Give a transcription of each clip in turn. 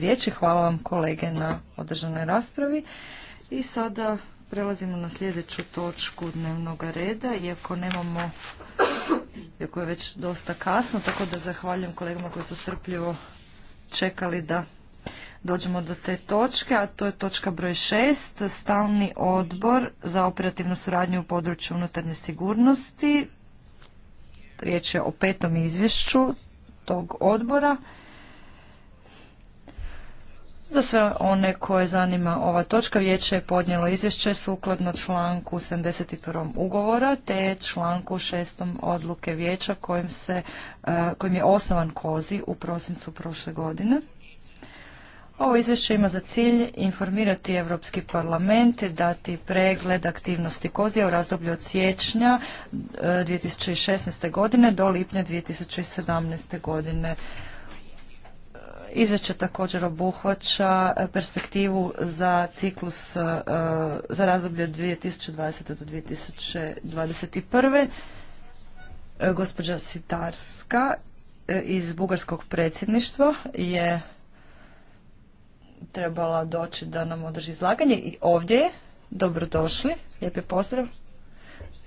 riječi. Hvala vam kolege na održanoj raspravi. I sada prelazimo na sljedeću točku dnevnog reda, iako nemamo, iako je već dosta kasno, tako da zahvaljujem kolegama koji su strpljivo čekali da dođemo do te točke, a to je točka broj šest, stalni odbor za operativnu suradnju u području unutarnje sigurnosti. Riječ je o petom izvješću tog odbora. Za sve one koje zanima ova točka, vijeće je podnijelo izvješće sukladno članku 71. ugovora te članku 6. odluke vijeća kojim, se, e, kojim je osnovan kozi u prosincu prošle godine. Ovo izvješće ima za cilj informirati Europski parlament, dati pregled aktivnosti Kozija u razdoblju od siječnja 2016. E, godine do lipnja 2017. godine. Izvješće također obuhvaća e, perspektivu za ciklus e, za razdoblje od 2020. do 2021. E, gospođa Sitarska iz bugarskog predsjedništva je trebala doći da nam održi izlaganje i ovdje je. Dobrodošli. Lijep je pozdrav.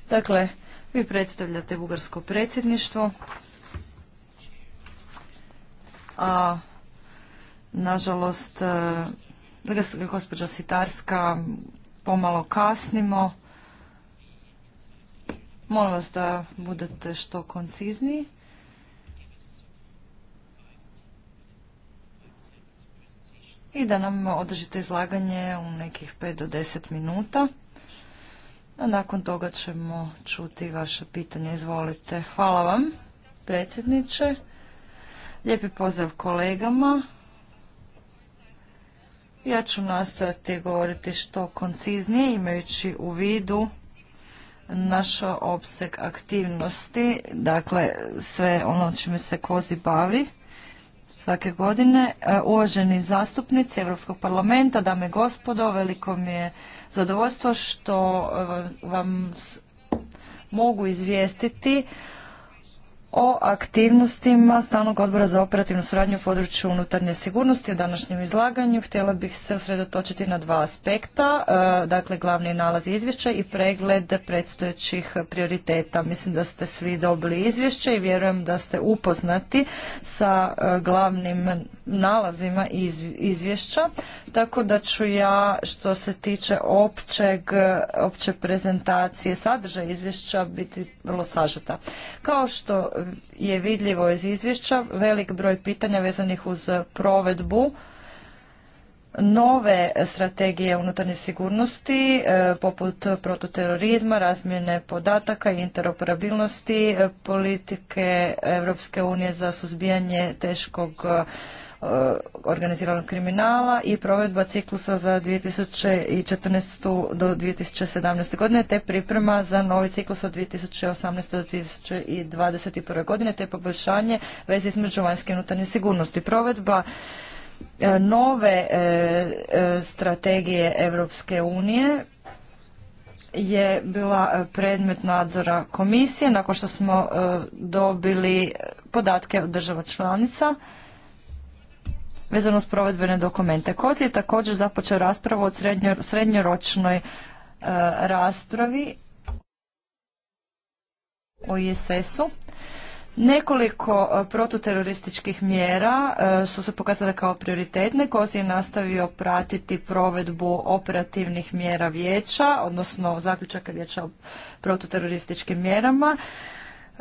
Dakle, vi predstavljate bugarsko predsjedništvo. A Nažalost, e, gospođa Sitarska, pomalo kasnimo. Molim vas da budete što koncizniji. I da nam održite izlaganje u nekih 5 do 10 minuta. A nakon toga ćemo čuti vaše pitanje. Izvolite. Hvala vam, predsjedniče. Lijepi pozdrav kolegama ja ću nastojati govoriti što konciznije imajući u vidu naš opseg aktivnosti, dakle sve ono čime se kozi bavi svake godine. E, uvaženi zastupnici Europskog parlamenta, dame i gospodo, veliko mi je zadovoljstvo što e, vam mogu izvijestiti o aktivnostima Stalnog odbora za operativnu suradnju u području unutarnje sigurnosti. U današnjem izlaganju htjela bih se usredotočiti na dva aspekta, e, dakle glavni nalaz izvješća i pregled predstojećih prioriteta. Mislim da ste svi dobili izvješće i vjerujem da ste upoznati sa e, glavnim nalazima izvješća, tako da ću ja što se tiče općeg, opće prezentacije sadržaja izvješća biti vrlo sažeta. Kao što je vidljivo iz izvješća, velik broj pitanja vezanih uz provedbu nove strategije unutarnje sigurnosti e, poput prototerorizma, razmjene podataka i interoperabilnosti, e, politike Europske unije za suzbijanje teškog Eh, organiziranog kriminala i provedba ciklusa za 2014. do 2017. godine te priprema za novi ciklus od 2018. do 2021. godine te poboljšanje veze između vanjske i unutarnje sigurnosti. Provedba eh, nove eh, strategije Europske unije je bila predmet nadzora komisije nakon što smo dobili podatke od država članica vezano s provedbene dokumente. Kozi je također započeo raspravu o srednjoročnoj e, raspravi o ISS-u. Nekoliko e, prototerorističkih mjera e, su se pokazale kao prioritetne. Kozi je nastavio pratiti provedbu operativnih mjera vijeća, odnosno zaključaka vijeća o protuterorističkim mjerama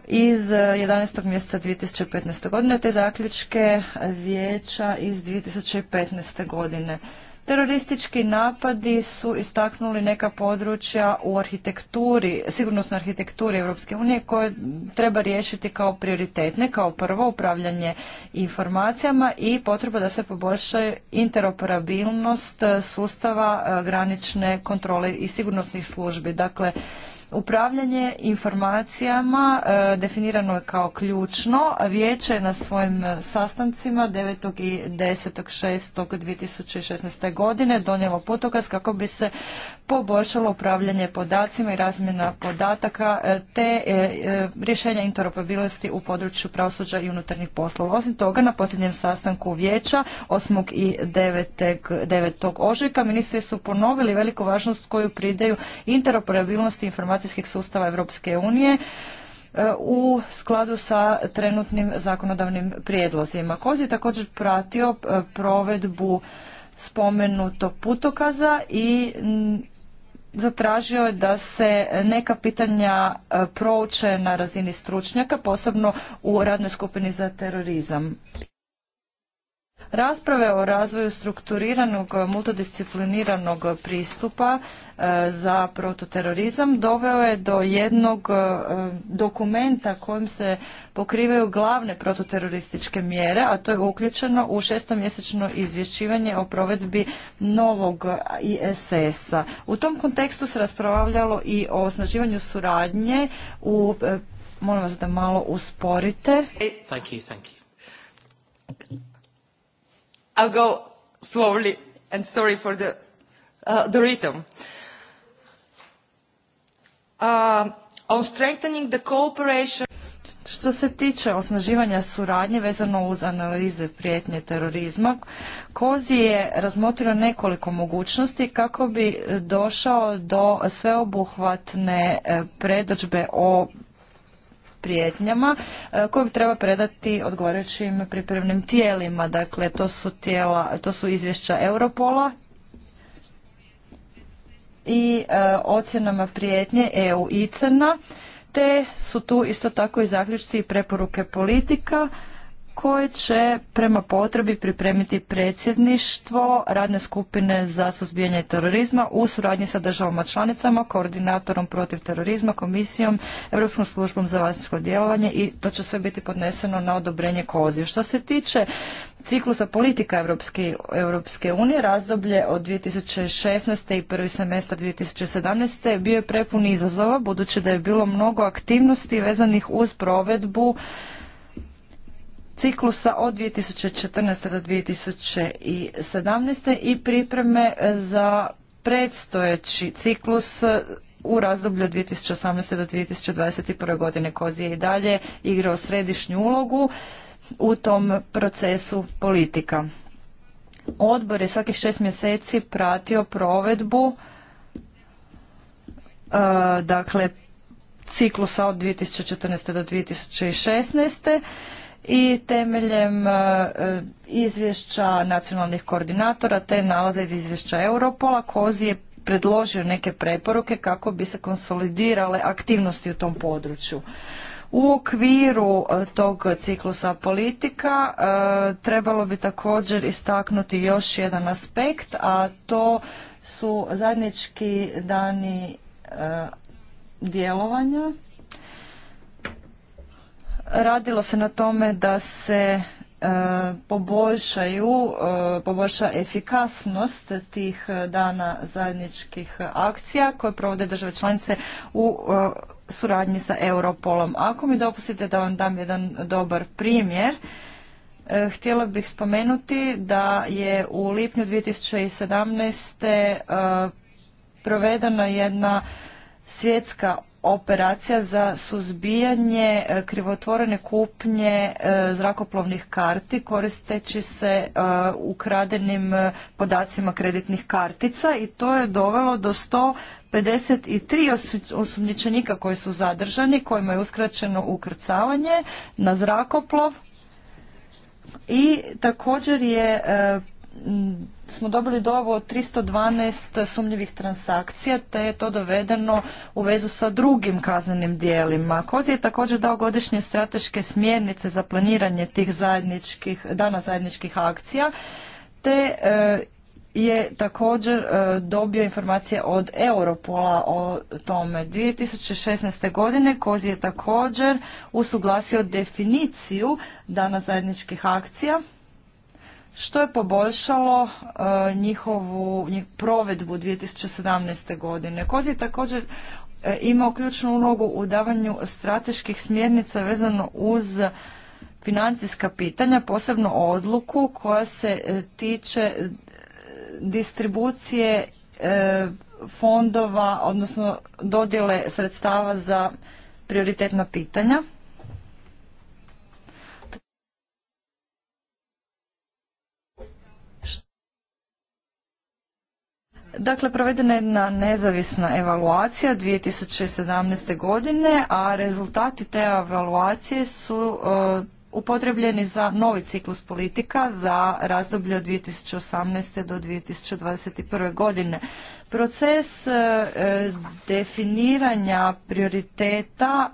iz 11. E, mjeseca 2015. godine te zaključke vijeća iz 2015. godine. Teroristički napadi su istaknuli neka područja u arhitekturi, sigurnosnoj arhitekturi Europske unije koje treba riješiti kao prioritetne, kao prvo upravljanje informacijama i potreba da se poboljša interoperabilnost sustava e, granične kontrole i sigurnosnih službi. Dakle, Upravljanje informacijama e, definirano je kao ključno. Vijeće je na svojim e, sastancima 9. i 10. 6. 2016. godine donijelo putokaz kako bi se poboljšalo upravljanje podacima i razmjena podataka e, te rješenja interoperabilnosti u području pravosuđa i unutarnjih poslova. Osim toga, na posljednjem sastanku vijeća 8. i 9. 9. ožujka ministri su ponovili veliku važnost koju pridaju interoperabilnosti informacija informacijskih sustava Europske unije e, u skladu sa trenutnim zakonodavnim prijedlozima. Koz je također pratio e, provedbu spomenutog putokaza i zatražio je da se neka pitanja e, prouče na razini stručnjaka, posebno u radnoj skupini za terorizam. Rasprave o razvoju strukturiranog multidiscipliniranog pristupa e, za prototerorizam doveo je do jednog e, dokumenta kojim se pokrivaju glavne prototerorističke mjere, a to je uključeno u šestomjesečno izvješćivanje o provedbi novog ISS-a. U tom kontekstu se raspravljalo i o osnaživanju suradnje u e, molim vas da malo usporite. Thank you, I'll go slowly and sorry for the, uh, rhythm. Um, on strengthening the cooperation što se tiče osnaživanja suradnje vezano uz analize prijetnje terorizma, Kozi je razmotrio nekoliko mogućnosti kako bi došao do sveobuhvatne eh, predođbe o prijetnjama e, kojeg treba predati odgovarajućim pripremnim tijelima. Dakle, to su, to su izvješća Europola i e, ocjenama prijetnje EU i Crna, te su tu isto tako i zaključci i preporuke politika koje će prema potrebi pripremiti predsjedništvo radne skupine za suzbijanje terorizma u suradnji sa državama članicama, koordinatorom protiv terorizma, komisijom, Europskom službom za vanjsko djelovanje i to će sve biti podneseno na odobrenje kozi. Što se tiče ciklusa politika Europske, Europske unije, razdoblje od 2016. i prvi semestar 2017. bio je prepun izazova budući da je bilo mnogo aktivnosti vezanih uz provedbu ciklusa od 2014. do 2017. i pripreme za predstojeći ciklus u razdoblju od 2018. do 2021. godine koji je i dalje igrao središnju ulogu u tom procesu politika. Odbor je svakih šest mjeseci pratio provedbu e, dakle ciklusa od 2014. do 2016 i temeljem e, e, izvješća nacionalnih koordinatora te nalaza iz izvješća Europola Kozi je predložio neke preporuke kako bi se konsolidirale aktivnosti u tom području. U okviru e, tog ciklusa politika trebalo bi također istaknuti još jedan aspekt, a to su zajednički dani djelovanja Radilo se na tome da se e, poboljšaju, e, poboljša efikasnost tih dana zajedničkih akcija koje provode države članice u e, suradnji sa Europolom. Ako mi dopustite da vam dam jedan dobar primjer, Htjela bih spomenuti da je u lipnju 2017. provedena jedna svjetska operacija za suzbijanje e, krivotvorene kupnje e, zrakoplovnih karti koristeći se e, ukradenim podacima kreditnih kartica i to je dovelo do 153 osumnjičenika koji su zadržani, kojima je uskraćeno ukrcavanje na zrakoplov i također je Mm, smo dobili ovo tristo 312 sumnjivih transakcija, te je to dovedeno u vezu sa drugim kaznenim dijelima. Kozi je također dao godišnje strateške smjernice za planiranje tih zajedničkih, dana zajedničkih akcija, te e, je također e, dobio informacije od Europola o tome. 2016. godine Kozi je također usuglasio definiciju dana zajedničkih akcija što je poboljšalo e, njihovu provedbu 2017. godine. Koz je također e, imao ključnu ulogu u davanju strateških smjernica vezano uz financijska pitanja, posebno odluku koja se e, tiče distribucije fondova, odnosno dodjele sredstava za prioritetna pitanja. Dakle, provedena je jedna nezavisna evaluacija 2017. godine, a rezultati te evaluacije su e, upotrebljeni za novi ciklus politika za razdoblje od 2018. do 2021. godine. Proces e, e, definiranja prioriteta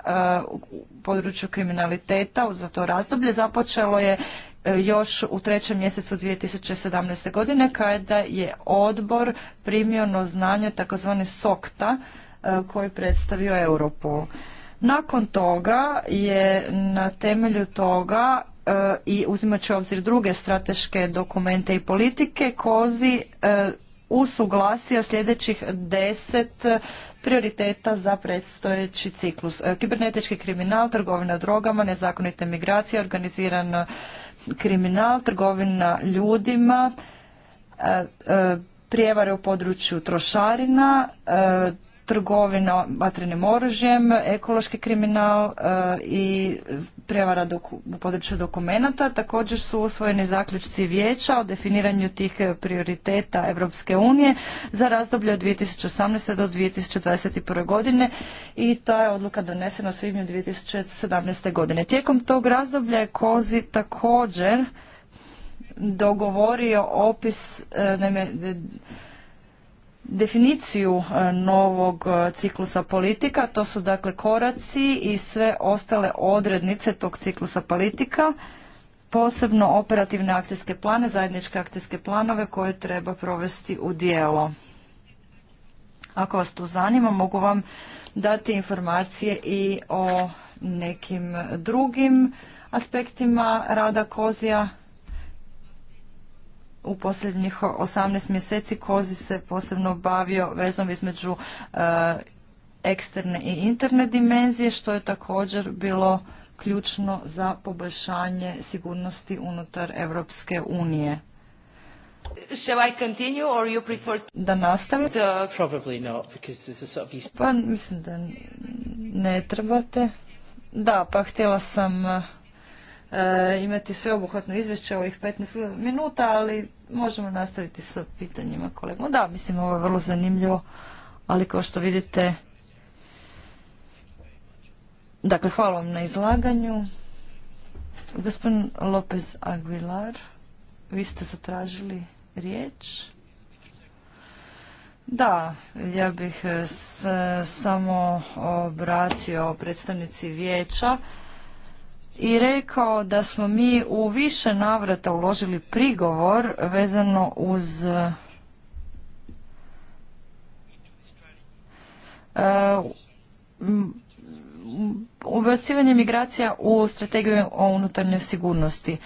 u području kriminaliteta za to razdoblje započelo je E, još u trećem mjesecu 2017. godine kada je odbor primio na znanje takozvani SOKTA e, koji predstavio Europu. Nakon toga je na temelju toga e, i uzimajući u obzir druge strateške dokumente i politike, Kozi usuglasio sljedećih deset prioriteta za predstojeći ciklus. E, kibernetički kriminal, trgovina drogama, nezakonite migracije, organiziran e, kriminal, trgovina ljudima, e, prijevare u području trošarina, trgovina vatrenim oružjem, ekološki kriminal i prevara u području dokumenata. Također su usvojeni zaključci vijeća o definiranju tih prioriteta Europske unije za razdoblje od 2018. do 2021. godine i ta je odluka donesena u svibnju 2017. godine. Tijekom tog razdoblja je Kozi također dogovorio opis, e, naime, definiciju e, novog e, ciklusa politika, to su dakle koraci i sve ostale odrednice tog ciklusa politika, posebno operativne akcijske plane, zajedničke akcijske planove koje treba provesti u dijelo. Ako vas tu zanima, mogu vam dati informacije i o nekim drugim aspektima rada Kozija u posljednjih 18 mjeseci Kozi se posebno bavio vezom između e, eksterne i interne dimenzije, što je također bilo ključno za poboljšanje sigurnosti unutar Europske unije. Shall I continue or you prefer Da nastavim? Probably not, because this is sort of... Pa mislim da ne trebate. Da, pa htjela sam eh, E, imati sveobuhvatno izvješće ovih 15 minuta, ali možemo nastaviti sa pitanjima kolegom Da, mislim ovo je vrlo zanimljivo, ali kao što vidite, dakle hvala vam na izlaganju. Gospodin Lopez Aguilar, vi ste zatražili riječ. Da, ja bih se samo obratio predstavnici vijeća i rekao da smo mi u više navrata uložili prigovor vezano uz e, ubacivanje migracija u strategiju o unutarnjoj sigurnosti.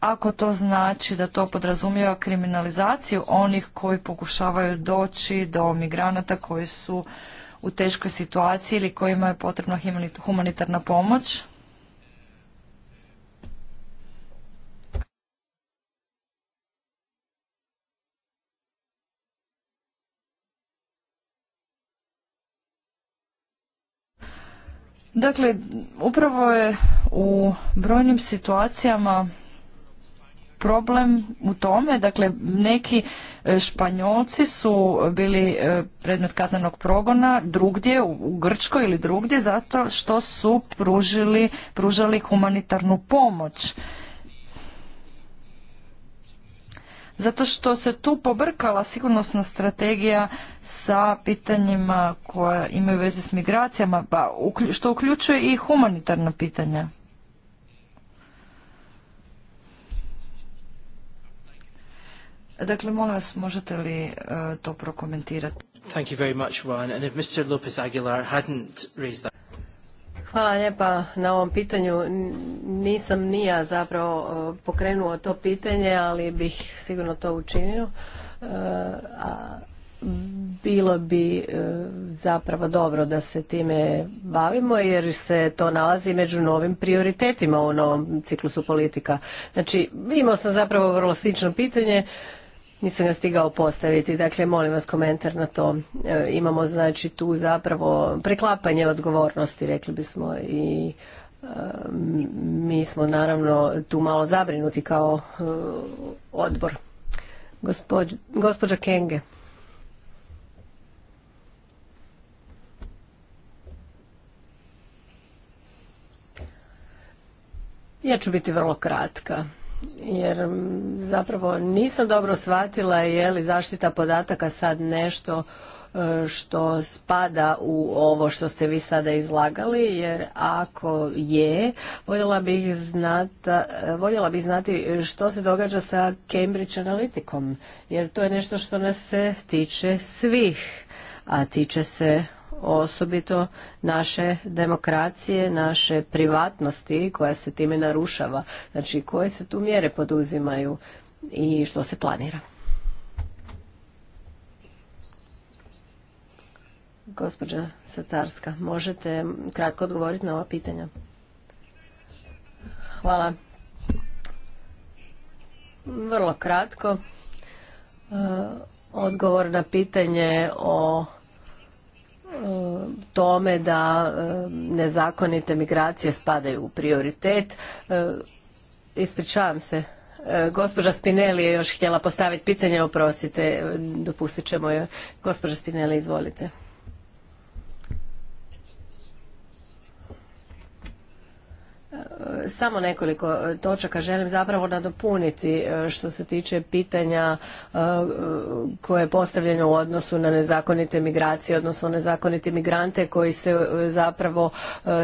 Ako to znači da to podrazumijeva kriminalizaciju onih koji pokušavaju doći do migranata koji su u teškoj situaciji ili kojima je potrebna humanitarna pomoć. Dakle, upravo je u brojnim situacijama problem u tome, dakle neki e, Španjolci su bili e, predmet kaznenog progona drugdje, u Grčkoj ili drugdje, zato što su pružili, pružali humanitarnu pomoć. Zato što se tu pobrkala sigurnosna strategija sa pitanjima koja imaju veze s migracijama, pa što uključuje i humanitarna pitanja. Dakle, molim vas, možete li e, to prokomentirati? Hvala lijepa na ovom pitanju. Nisam ni ja zapravo e, pokrenuo to pitanje, ali bih sigurno to učinio. E, a bilo bi zapravo dobro da se time bavimo jer se to nalazi među novim prioritetima u novom ciklusu politika. Znači, imao sam zapravo vrlo slično pitanje nisam ga stigao postaviti. Dakle, molim vas komentar na to. E, imamo znači tu zapravo preklapanje odgovornosti, rekli bismo i e, mi smo naravno tu malo zabrinuti kao e, odbor. Gospodža gospođa Kenge. Ja ću biti vrlo kratka jer mm, zapravo nisam dobro shvatila je li zaštita podataka sad nešto e, što spada u ovo što ste vi sada izlagali, jer ako je, voljela bih, znata, voljela bih znati što se događa sa Cambridge Analyticom, jer to je nešto što nas se tiče svih, a tiče se osobito naše demokracije, naše privatnosti koja se time narušava. Znači koje se tu mjere poduzimaju i što se planira? Gospođo Satarska, možete kratko odgovoriti na ova pitanja? Hvala. Vrlo kratko. E, odgovor na pitanje o E, tome da e, nezakonite migracije spadaju u prioritet. E, ispričavam se. Gospođa Spinelli je još htjela postaviti pitanje, oprostite, dopustit ćemo joj. Gospođa Spinelli, izvolite. samo nekoliko e, točaka želim zapravo nadopuniti e, što se tiče pitanja e, koje je postavljeno u odnosu na nezakonite migracije, odnosno nezakonite migrante koji se zapravo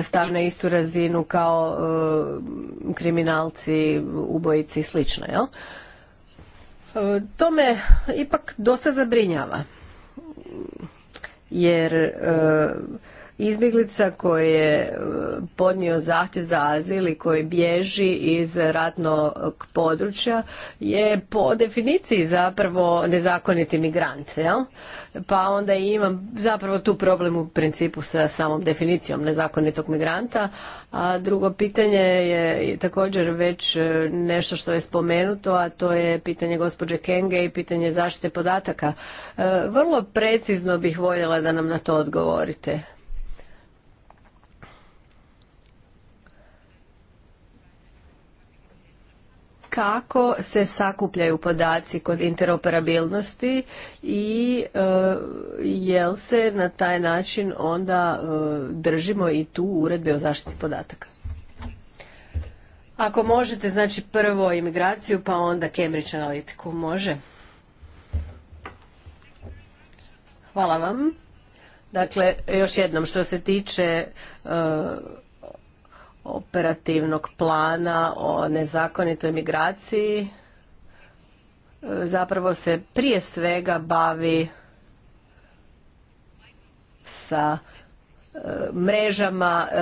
stavne na istu razinu kao kriminalci, ubojici i slično. To me ipak dosta zabrinjava jer izbjeglica koji je e, podnio zahtjev za azil i koji bježi iz ratnog područja je po definiciji zapravo nezakoniti migrant. Jel? Pa onda imam zapravo tu problem u principu sa samom definicijom nezakonitog migranta. A drugo pitanje je također već e, nešto što je spomenuto, a to je pitanje gospođe Kenge i pitanje zaštite podataka. E, vrlo precizno bih voljela da nam na to odgovorite. kako se sakupljaju podaci kod interoperabilnosti i e, jel se na taj način onda e, držimo i tu uredbe o zaštiti podataka. Ako možete, znači prvo imigraciju, pa onda Cambridge analitiku. Može? Hvala vam. Dakle, još jednom što se tiče e, operativnog plana o nezakonitoj migraciji e, zapravo se prije svega bavi sa e, mrežama e,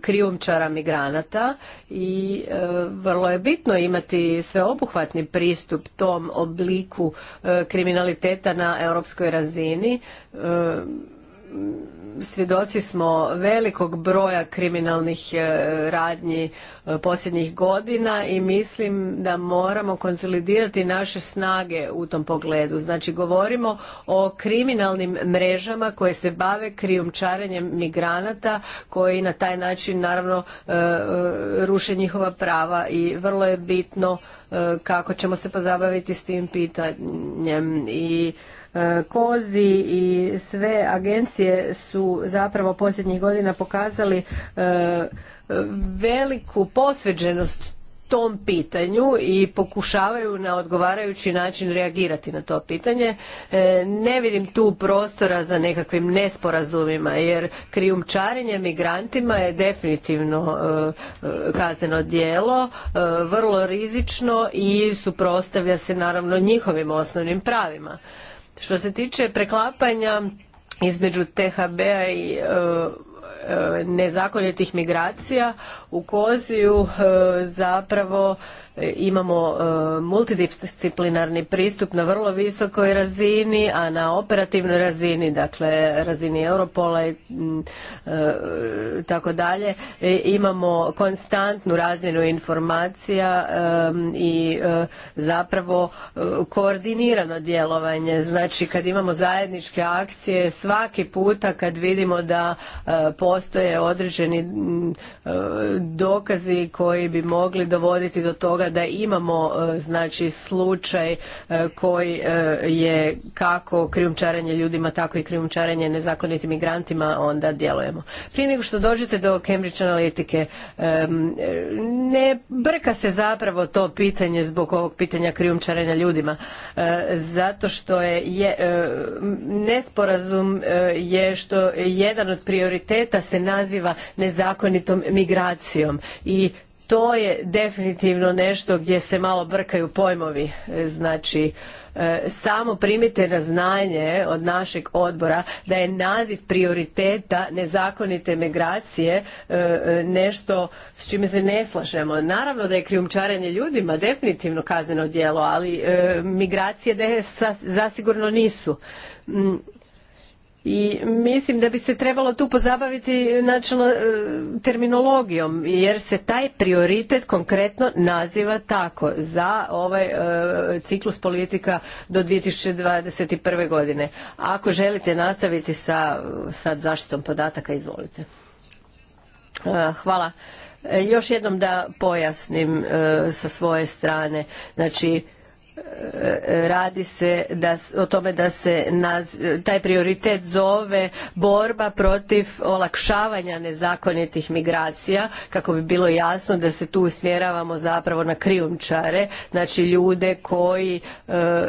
krijumčara migranata i vrlo je bitno imati sveobuhvatni pristup tom obliku kriminaliteta na europskoj razini svjedoci smo velikog broja kriminalnih e, radnji e, posljednjih godina i mislim da moramo konsolidirati naše snage u tom pogledu. Znači govorimo o kriminalnim mrežama koje se bave krijumčarenjem migranata koji na taj način naravno e, ruše njihova prava i vrlo je bitno kako ćemo se pozabaviti s tim pitanjem i E, kozi i sve agencije su zapravo posljednjih godina pokazali e, veliku posveđenost tom pitanju i pokušavaju na odgovarajući način reagirati na to pitanje. E, ne vidim tu prostora za nekakvim nesporazumima jer krijumčarenje migrantima je definitivno kazneno djelo, vrlo rizično i suprotstavlja se naravno njihovim osnovnim pravima. Što se tiče preklapanja između THB-a i e, E, nezakonitih migracija u Koziju e, zapravo e, imamo multidisciplinarni pristup na vrlo visokoj razini, a na operativnoj razini, dakle razini Europola i tako dalje, imamo konstantnu razmjenu informacija i zapravo koordinirano djelovanje. Znači kad imamo zajedničke akcije, svaki puta kad vidimo da postoje određeni e, dokazi koji bi mogli dovoditi do toga da imamo e, znači slučaj e, koji je kako krijumčarenje ljudima tako i krijumčarenje nezakonitim migrantima onda djelujemo. Prije nego što dođete do Cambridge analitike ne brka se zapravo to pitanje zbog ovog pitanja krijumčarenja ljudima zato što je nesporazum je što jedan od prioriteta se naziva nezakonitom migracijom i to je definitivno nešto gdje se malo brkaju pojmovi. E, znači, e, samo primite na znanje od našeg odbora da je naziv prioriteta nezakonite migracije e, nešto s čime se ne slažemo. Naravno da je krijumčarenje ljudima definitivno kazneno djelo, ali migracije zasigurno nisu mm, i mislim da bi se trebalo tu pozabaviti načelno e, terminologijom jer se taj prioritet konkretno naziva tako za ovaj e, ciklus politika do 2021. godine. ako želite nastaviti sa sad zaštitom podataka izvolite. E, hvala. Još jednom da pojasnim sa svoje strane. Znači radi se o tome da se taj prioritet zove borba protiv olakšavanja nezakonitih migracija kako bi bilo jasno da se tu usmjeravamo zapravo na krijumčare znači ljude koji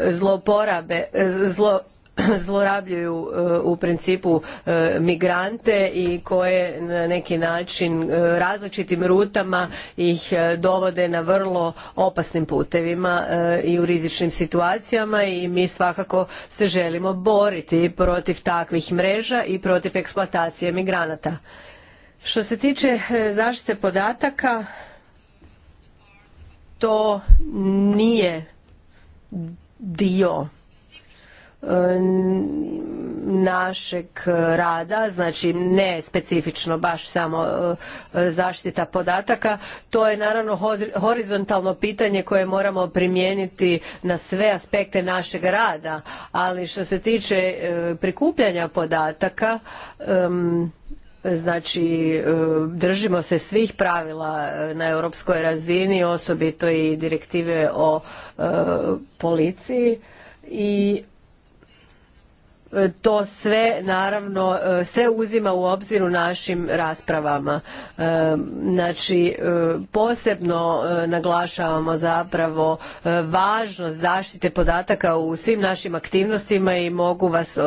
zlouporabe zloporabe e, zlo, zlorabljuju eh, u principu eh, migrante i koje na neki način eh, različitim rutama ih dovode na vrlo opasnim putevima i u rizičnim situacijama i mi svakako se želimo boriti protiv takvih mreža i protiv eksploatacije migranata. Što se tiče zaštite podataka, to nije dio našeg rada, znači ne specifično baš samo e, zaštita podataka, to je naravno horizontalno pitanje koje moramo primijeniti na sve aspekte našeg rada, ali što se tiče e, prikupljanja podataka, znači e, držimo se svih pravila na europskoj razini, osobito i direktive o policiji i E, to sve naravno e, sve uzima u obzir u našim raspravama. E, znači posebno naglašavamo zapravo važnost zaštite podataka u svim našim aktivnostima i mogu vas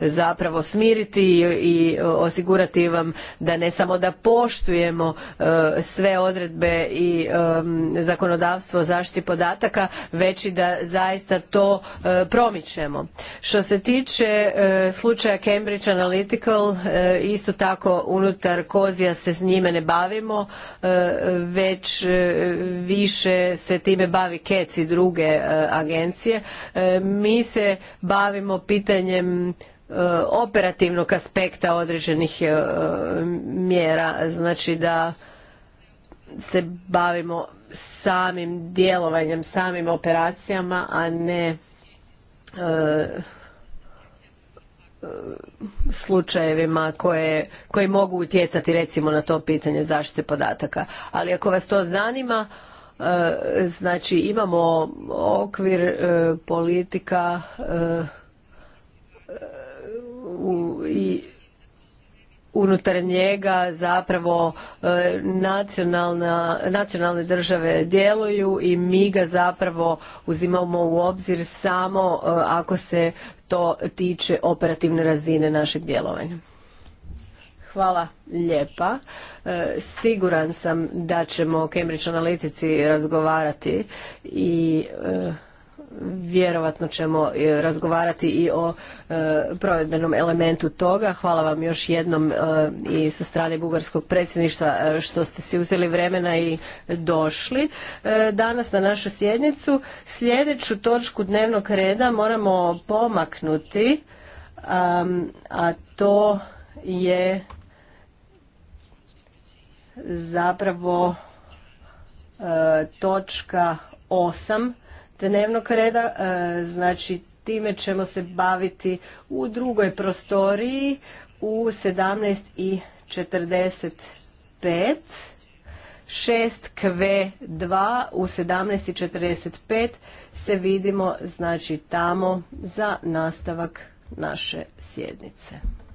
zapravo smiriti i osigurati vam da ne samo da poštujemo sve odredbe i zakonodavstvo o zaštiti podataka već i da zaista to promičemo. Što se tiče E, slučaja Cambridge Analytical, e, isto tako unutar Kozija se s njime ne bavimo, e, već više se time bavi KEC i druge agencije. Mi se bavimo pitanjem operativnog aspekta određenih mjera, znači da se bavimo samim djelovanjem, samim operacijama, a ne slučajevima koje, koji mogu utjecati recimo na to pitanje zaštite podataka. Ali ako vas to zanima, e, znači imamo okvir e, politika e, i unutar njega zapravo nacionalne države djeluju i mi ga zapravo uzimamo u obzir samo ako se to tiče operativne razine našeg djelovanja. Hvala lijepa. E, siguran sam da ćemo o Cambridge Analytici razgovarati i e, vjerovatno ćemo e, razgovarati i o e, provedbenom elementu toga. Hvala vam još jednom e, i sa strane bugarskog predsjedništva što ste si uzeli vremena i došli danas na našu sjednicu. Sljedeću točku dnevnog reda moramo pomaknuti, a to je zapravo točka 8 dnevnog reda, e, znači time ćemo se baviti u drugoj prostoriji u 17 i 45 6 kv 2 u 17.45 se vidimo znači tamo za nastavak naše sjednice.